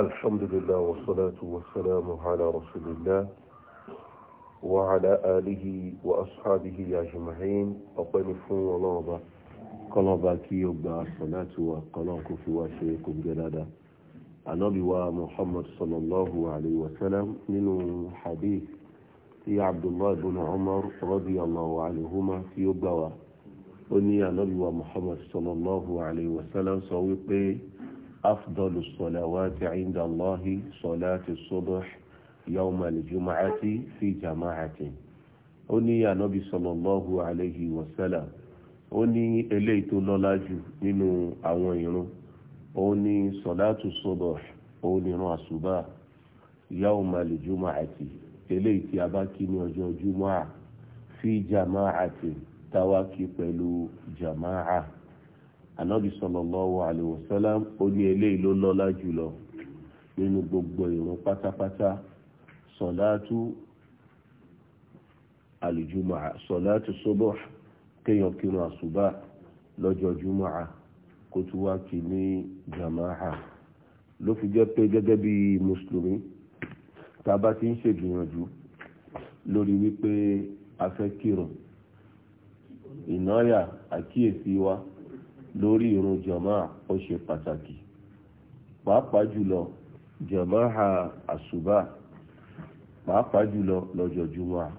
الحمد لله والصلاة والسلام على رسول الله وعلى آله وأصحابه يا أقول فون ولوبا قلبا كي يبقى الصلاة وقلبك في واشيكم جلالا النبي محمد صلى الله عليه وسلم من حديث في عبد الله بن عمر رضي الله عنهما في يبقى وني النبي محمد صلى الله عليه وسلم صويقه أفضل الصلوات عند الله صلاة الصبح يوم الجمعة في جماعة ó ní ànábì sallallahu alayhi wa sallam ó ní eléyìí tó lọ́lá jù nínú àwọn ìrun ó ní salatu subh ó ní ìrun àṣùbà yawmal jumu'ati eléyìí tí a bá kí ní ọjọ́ jùmọ̀ fi jama'ati táwa kí pẹ̀lú jama'a anabi sallallahu alayhi wa sallam ó ní eléyìí ló lọ́lá jùlọ nínú gbogbo ìrun pátápátá sọ̀láàtú àlùjùmọ̀ sọ̀láàtú sọ́bọ̀ kéèyàn kírun àṣùbà lọ́jọ́ jùmọ̀ kó tún wá kí ní jàmáà ló fi jẹ́ pé gẹ́gẹ́ bí mùsùlùmí tá a bá ti ń ṣègbìyànjú lórí wípé a fẹ́ kírun ìnáyà àkíyèsí wa lórí ìrun jọ̀mọ́ ó ṣe pàtàkì pàápàá jùlọ jọ̀mọ́ ha àṣùbà pàápàá jùlọ lọ́jọ́ jùmọ́ a.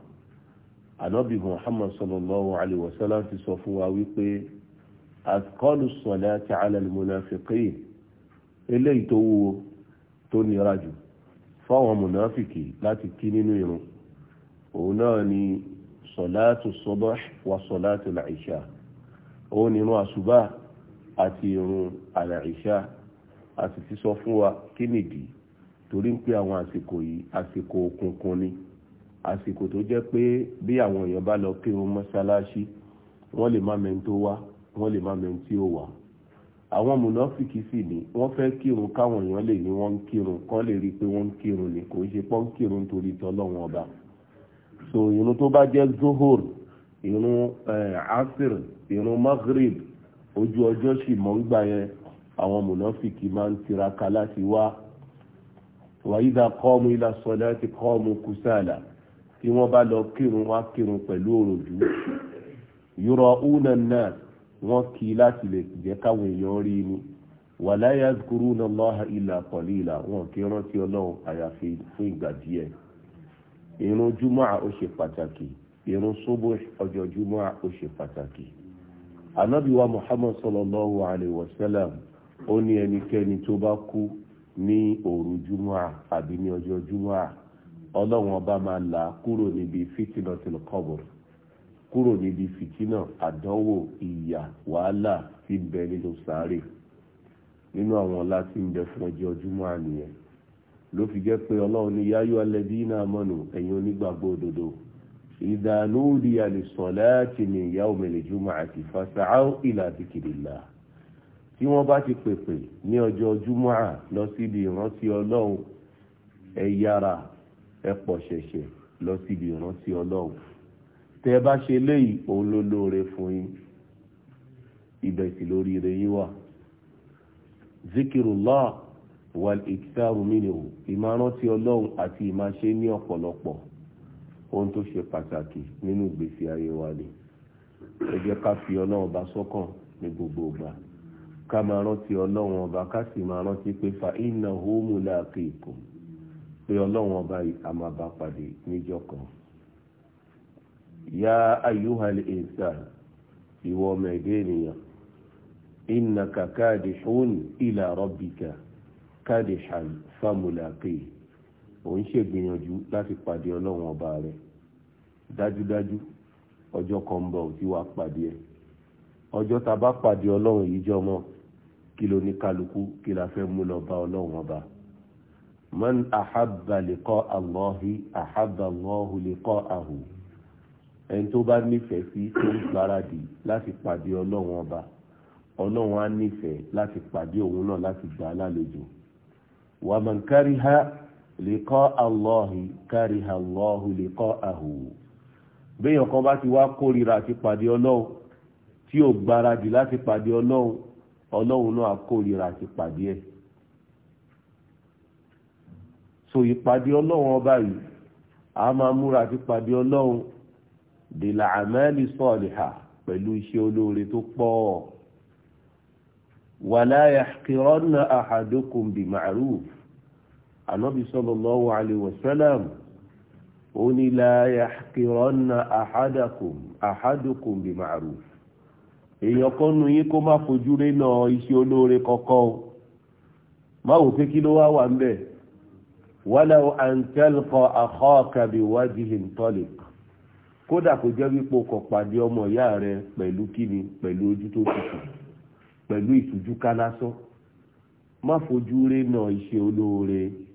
ànábì muhammad sallallahu alayhi wa sallam ti sọ fún wa wípé àkọlù sọ̀lá ti ala al-munafiqin eléyìí tó wúwo tó nira jù fáwọn mùnàfìkì láti kí nínú ìrun òun náà ni sọ̀lá tó sọ́bọ̀ wà sọ̀lá tó làìṣà òun nínú àṣùbà àti irun àlàìṣá a sì ti sọ fún wa kí nìdí torí pé àwọn àsìkò yìí àsìkò òkùnkùn ni àsìkò tó jẹ́ pé bí àwọn èèyàn bá lọ kírun mọ́ṣáláṣí wọ́n lè má mẹ́ni tó wá wọ́n lè má mẹ́ni tí ó wà àwọn mùnáfìkì sì ni wọ́n fẹ́ kírun káwọn èèyàn lè ní wọ́n ń kírun kán lè rí i pé wọ́n ń kírun ni kò ń ṣe pọ́n kírun torí tọ́lọ́wọ́n ọba so irun tó bá jẹ́ zohor irun eh, asir irun maghrib ojú ọjọ́ sì mọ́ ńgbà yẹn àwọn mùnáfìkì máa ń tiraka láti wá wa idha qamu ila salati qamu kusala tí wọ́n bá lọ kírun wá kírun pẹ̀lú òròjú yurauna an-nas wọ́n kì í láti lè jẹ́ káwọn èèyàn rí ni wala yazkuruna Allaha illa qalila wọn kì í rántí ọlọ́run àyàfi fún ìgbà díẹ̀ ìrun júmọ́ ó ṣe pàtàkì ìrun súbù ọjọ́ júmọ́ ó ṣe pàtàkì anábìwá muhammad sallallahu alayhi wa sallam ó ní ẹnikẹ́ni tó bá kú ní òru jumua àbí ní ọjọ́ jumua ọlọ́run ọba máa là á kúrò níbi fitina tilkọ́bùr kúrò níbi fitina àdánwò ìyà wàhálà tí ń bẹ nínú sáré nínú àwọn ọlá tí ń bẹ fún ọjọ́ jumua nìyẹn ló fi jẹ́ pé ọlọ́run ní yáyọ alẹ́ dín náà mọ́nu ẹ̀yin onígbàgbọ́ òdodo. إذا نودي للصلاة من يوم الجمعة jùmọ̀ إلى ذكر الله àdìkìrìlà tí wọ́n bá ti pèpè ní ọjọ́ jùmọ̀ lọ síbi ìrántí ọlọ́run ẹ yára ẹ pọ̀ ṣẹ̀ṣẹ̀ lọ síbi ìrántí ọlọ́run tẹ ẹ bá ṣe léyìí òun ló lóore fún yín ibẹ̀ sì lórí ire yín wà zikirullah wal iktaru minhu ìmọ̀ rántí ọlọ́run àti ìmọ̀ ṣe ní ọ̀pọ̀lọpọ̀ ohun tó ṣe pàtàkì nínú ìgbésí ayé wa ni ẹ jẹ́ ká fi ọlọ́run ọba sọ́kàn ní gbogbo ìgbà ká máa rántí ọlọ́run ọba ká sì máa rántí pé fa innahu mulaqikum pé ọlọ́run ọba yìí a máa bá pàdé níjọ́ kan. ya ayyuhal insan ìwọ ọmọ ẹ̀dẹ́ ènìyàn innaka kadihun ila rabbika kadihan famulaqih ò ń ṣègbìyànjú láti pàdé ọlọ́run ọba rẹ̀ dájúdájú ọjọ́ kan ń bọ̀ tí wàá pàdé ẹ̀ ọjọ́ tá a bá pàdé ọlọ́run yìí jọ mọ́ kí ló ní kálukú kí la fẹ́ mú lọ bá ọlọ́run ọba. man ahabba liqa Allahi ahabba Allahu liqa'ahu ẹni tó bá nífẹ̀ẹ́ sí tó ń gbáradì láti pàdé ọlọ́run ọba ọlọ́run á nífẹ̀ẹ́ láti pàdé òun náà láti gbà á lálejò. wa man kariha liqa Allahi kariha Allahu liqa'ahu béèyàn kan bá ti wá kórìíra àti pàdé ọlọ́run tí ò gbáradì láti pàdé ọlọ́run ọlọ́run náà kórìíra àti pàdé ẹ̀ so ìpàdé ọlọ́run ọba yìí a máa múra àti pàdé ọlọ́run dèlà àmẹ́lì sọ̀lìhà pẹ̀lú iṣẹ́ olóore tó pọ̀ wala yahqiranna ahadukum bi ànábì sallallahu alayhi wa sallam ó ní la yahqiranna ahadakum ahadukum bi ma'ruf èèyàn kan nu yín kó má fojú rẹ̀ náà iṣẹ́ olóore kọ̀ọ̀kan o má wò pé kí ló wá wà ń bẹ̀ walaw an talqa akhaka bi kódà kò jẹ́ wípé kò pàdé ọmọ ìyá rẹ pẹ̀lú kíni pẹ̀lú ojú tó tutù pẹ̀lú ìtújú ká má fojú ré nà olóore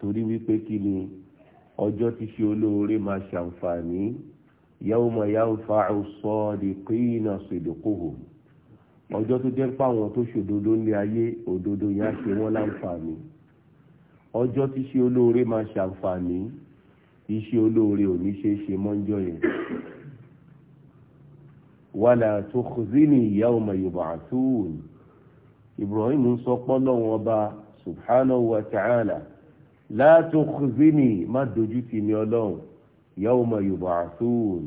torí wípé kí ni ọjọ́ tí ṣe olóore máa ṣàǹfààní yawma yanfa'u sadiqina sidquhum ọjọ́ tó jẹ́ páwọn tó ṣòdodo ní ayé òdodo yẹn á ṣe wọ́n láǹfààní ọjọ́ tí ṣe olóore máa ṣàǹfààní iṣẹ́ olóore ò ní ṣe é ṣe mọ́jọ́ yẹn wàlà tukhzini yawma yub'athun Ibrahim ń sọ pọ́ lọ́wọ́n ọba subhanahu wa ta'ala la tukhzini má dojú tì mí ọlọ́run yawma yub'athun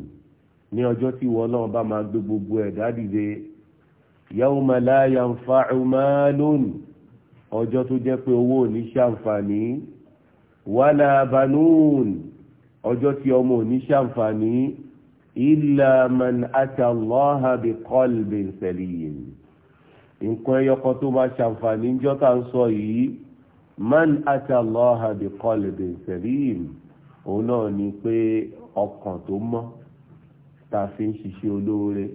ní ọjọ́ tí wọ́n náà bá máa gbé gbogbo ẹ̀dá dìde yawma la yanfa'u malun ọjọ́ tó jẹ́ pé owó ò ní ṣàǹfààní wala banun ọjọ́ tí ọmọ ò ṣàǹfààní illa man ata Allaha bi qalbin salim nǹkan ẹyọkọ tó máa ṣàǹfààní jọ́ta ń sọ yìí man ata allaha bi qalbin salim òun náà ni pé ọkàn tó mọ́ tá a fi ń ṣiṣẹ́ olóore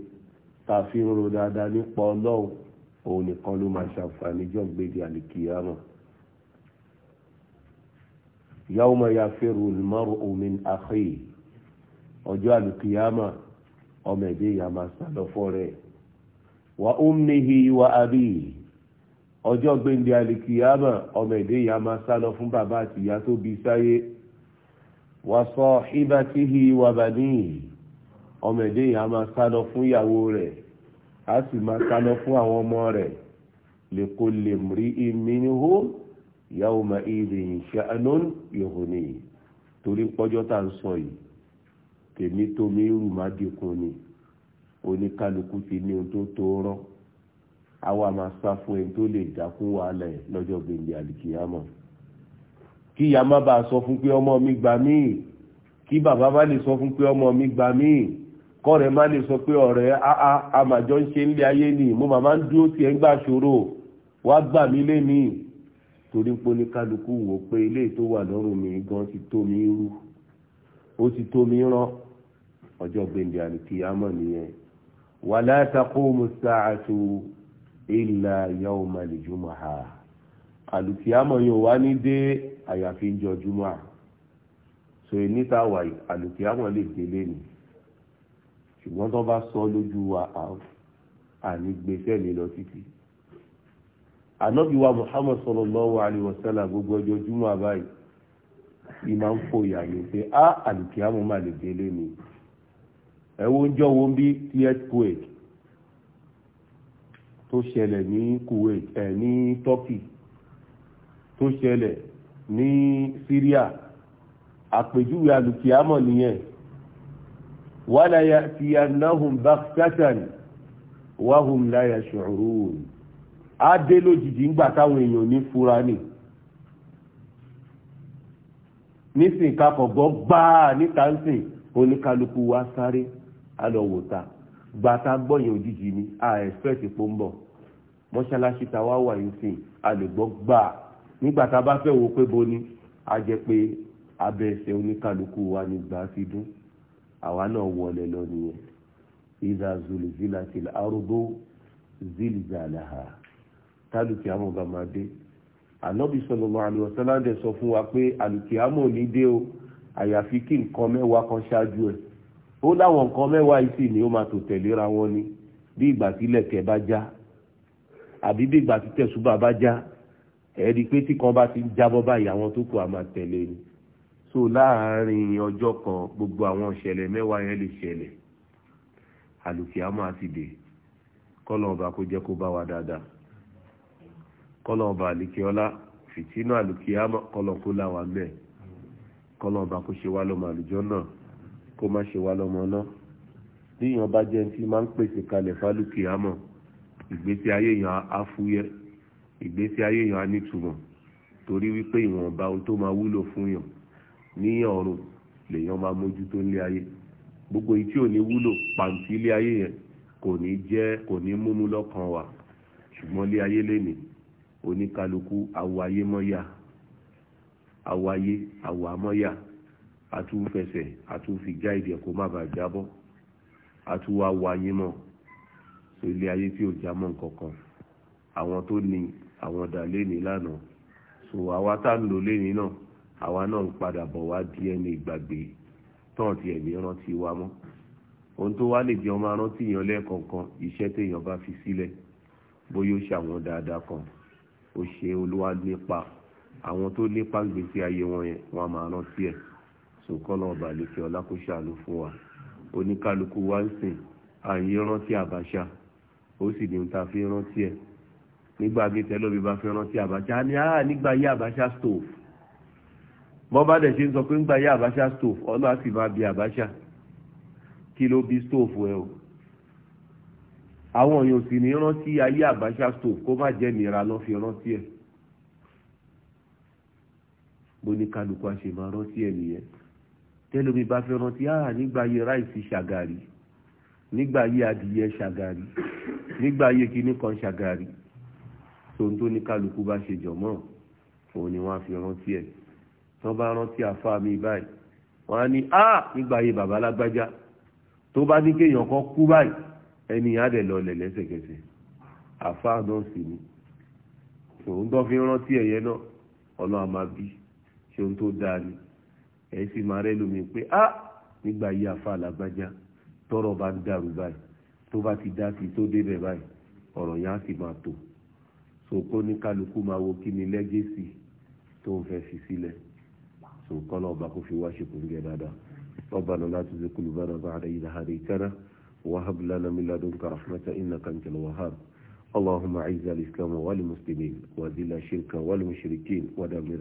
tá a fi ń ro dáadáa nípa ọlọ́run òun nìkan ló máa ṣàǹfààní jọ̀gbẹ́dì àlìkìyàmọ̀. yawma yafiru al-mar'u min akhihi ọjọ́ àlìkìyàmọ̀ ọmọ ẹ̀dẹ́ ìyá máa sálọ fọ́ rẹ̀ wa ummihi wa abihi ọjọ́ gbẹ̀ndẹ̀ alikiyama ọmọ èdè yà máa sálọ fún bàbá àti ìyá tó bí sáyé wa sahibatihi wa banihi ọmọ èdè yà máa sálọ fún ìyàwó rẹ̀ a sì máa sálọ fún àwọn ọmọ rẹ̀ li kulli mri'in minhum yawma idhin sha'nun yughni torí pọ́jọ́ tá à ń sọ yìí tèmi tómi rù má dínkù ni oníkálukú ti ní ohun tó tó rán àwa máa sá fún ẹni tó lè dákún wàhálà ẹ̀ lọ́jọ́ gbèndé àlìkìyàmọ̀ kí ìyá má bàa sọ fún pé ọmọ mi gbà mí kí bàbá má lè sọ fún pé ọmọ mi gbà mí kọ́rẹ̀ má lè sọ pé ọ̀rẹ́ áá àmàjọ ń ṣe nílé ayé ni mo màmá ń dúró tiẹ̀ ń gbà ṣòro wá gbà mí lémi torí pé oníkálukú wò pé ilé tó wà lọ́rùn mi gan ti tó mi rú ó ti tó mi rán ọjọ́ gbèndé àlìkìyàmọ̀ nìyẹn wàlá taqumu sa'atu ìlà yawma al-jumu'a àlùkìyàmọ̀ yóò wá ní dé àyàfi ń jọ jùmọ̀ à so níta wà àlùkìyàmọ̀ lè délé ni ṣùgbọ́n tó bá sọ lójú wa àní gbèsè lè lọ títí ànábìwá Muhammad sallallahu alaihi wasallam gbogbo ọjọ́ jùmọ̀ àbáyìí ìmọ̀ ń fò yà ní pé á àlùkìyàmọ̀ má lè délé ni ẹ̀wọ̀n jọ wo ń bí clear square tó ṣẹlẹ̀ ní Kuwait ẹ̀ eh, ní Turkey tó ṣẹlẹ̀ ní Syria àpèjúwe alùkìámọ̀ nìyẹn wala ya'tiyannahum baghtatan wa hum la yash'urun á dé lójijì ńgbà táwọn èèyàn ní fura ni nísìnyí kakọ̀gbọ́ gbáà níta ń oníkálukú wa sáré á gbàtà gbọ́yìn òjijì ni a expect pò ń bọ̀ mọ́ṣáláṣí ta wá wà yìí sìn a lè gbọ́ gbà nígbà tá a bá fẹ́ wo pé bo ni a jẹ́ pé abẹ́ ẹsẹ̀ oníkàlùkù wa ni gbà á fi dún àwa náà wọlé lọ nìyẹn ìdá zulzilatil ardu zilzalaha tálùkì àmọ́ bá máa dé ànábì sallallahu alaihi wasallam dẹ̀ sọ fún wa pé àlùkì àmọ́ ò ní dé o àyàfi kí nǹkan mẹ́wàá kan ṣáájú ẹ̀ ó láwọn nǹkan mẹ́wàá yìí sì ni ó máa tò tẹ̀léra wọn ni bí ìgbà tí lẹ̀kẹ̀ bá já àbí bí ìgbà tí tẹ̀sùbà bá já ẹ̀ẹ́dì pé tí kan bá ti jábọ́ báyìí àwọn tó kù á máa tẹ̀lé ni so láàárín ọjọ́ kan gbogbo àwọn ìṣẹ̀lẹ̀ mẹ́wàá yẹn lè ṣẹlẹ̀ àlùkìyámà ti dé kọ́lọ́ọ̀bà kó jẹ́ kó bá wa dáadáa kọ́lọ́ọ̀bà àlùkìọ́lá fìtínà àlùkìyámà kọ́lọ́ọ̀ kó láwa mẹ́ẹ̀ kọ́lọ́ọ̀bà kó ṣe wá lọ́mọ àlùjọ náà kó má ṣe wá lọ́mọ náà bí èèyàn bá jẹ́ tí máa ń pèsè kalẹ̀ fálùkì àmọ́ ìgbésí ayé èèyàn á fúyẹ́ ìgbésí ayé èèyàn á nítumọ̀ torí wípé ìwọ̀nba ohun tó máa wúlò fún yàn níyàn ọ̀run lèèyàn máa mójútó nílé ayé gbogbo èyí tí ò ní wúlò pàǹtí ilé ayé yẹn kò ní jẹ́ kò ní múnú lọ́kàn wa ṣùgbọ́n ilé ayé lẹ́nìí oníkálukú awọ ayé mọ́yà awọ ayé awọ amọ́yà àtúnfẹsẹ̀ àtúnfi gáìdì ẹ̀ kó má bàa jábọ́ àtúwá wáyé mọ́ so ilé ayé tí ò já mọ́ nǹkan kan àwọn tó ní àwọn dà léni lánàá so àwa tá ń lò léni náà àwa náà ń padà bọ̀ wá di ẹni ìgbàgbé tán ti ẹ̀mí rántí wa mọ́ ohun tó wá lè jẹ́ ọmọ arántí yàn lẹ́ẹ̀kọ̀ọ̀kan iṣẹ́ téèyàn bá fi sílẹ̀ bóyá ó ṣe àwọn dáadáa kan ó ṣe olúwa nípa àwọn tó nípa gbèsè ayé wọn yẹn wọn máa rántí ẹ̀ sòkànnà ọba àlekè ọlákóṣe àánú wa oníkálukú wa ń sìn àyìn rántí àbáṣà ó sì ní ta fi rántí ẹ nígbà bíi tẹlómi bá fi rántí àbáṣà á ní nígbà yí àbáṣà stove bọ́n bá dẹ̀ ṣe ń sọ pé nígbà yí àbáṣà stove ọ̀nà àti máa bi àbáṣà kí ló bí stove ẹ o àwọn èèyàn sì ní rántí ayé àbáṣà stove kó má jẹ́ nira lọ́ fi rántí ẹ bó ní kálukú a rántí ẹ nìyẹn tẹ́lómi bá fẹ́ rántí áà ah, nígbà yẹ ráìsì ṣàgàrí nígbà yẹ adìyẹ ṣàgàrí nígbà yẹ kíní kan ṣàgàrí tòun tó ní kálukú bá ṣe jọ̀mọ́ òun ni wọ́n á fi rántí ẹ̀ tán bá rántí àfa mi báyìí wọ́n á ní áà ah, nígbà yẹ bàbá lágbájá tó bá ní kéèyàn kan kú báyìí ẹni yẹn á dẹ̀ lọlẹ̀ lẹ́sẹ̀kẹsẹ̀ àfa náà sì ni tòun tó fi rántí ẹ̀yẹ náà ọlọ́run ẹ̀ sì máa rẹ́ lómi pé á nígbà yí afá alágbájá tọ́rọ̀ bá ń dàrú báyìí tó bá ti dá sí tó débẹ̀ báyìí ọ̀rọ̀ yẹn á sì máa tò sòkó ní kálukú máa wo kí ni lẹ́gẹ́sì tó ń fẹ́ fi sílẹ̀ sòkó náà ọba kò fi wá ṣe kùn gẹ̀ dáadáa ربنا لا تزغ قلوبنا بعد إذ هديتنا وهب لنا من لدنك رحمة إنك أنت الوهاب اللهم أعز الإسلام والمسلمين وذل الشرك والمشركين ودمر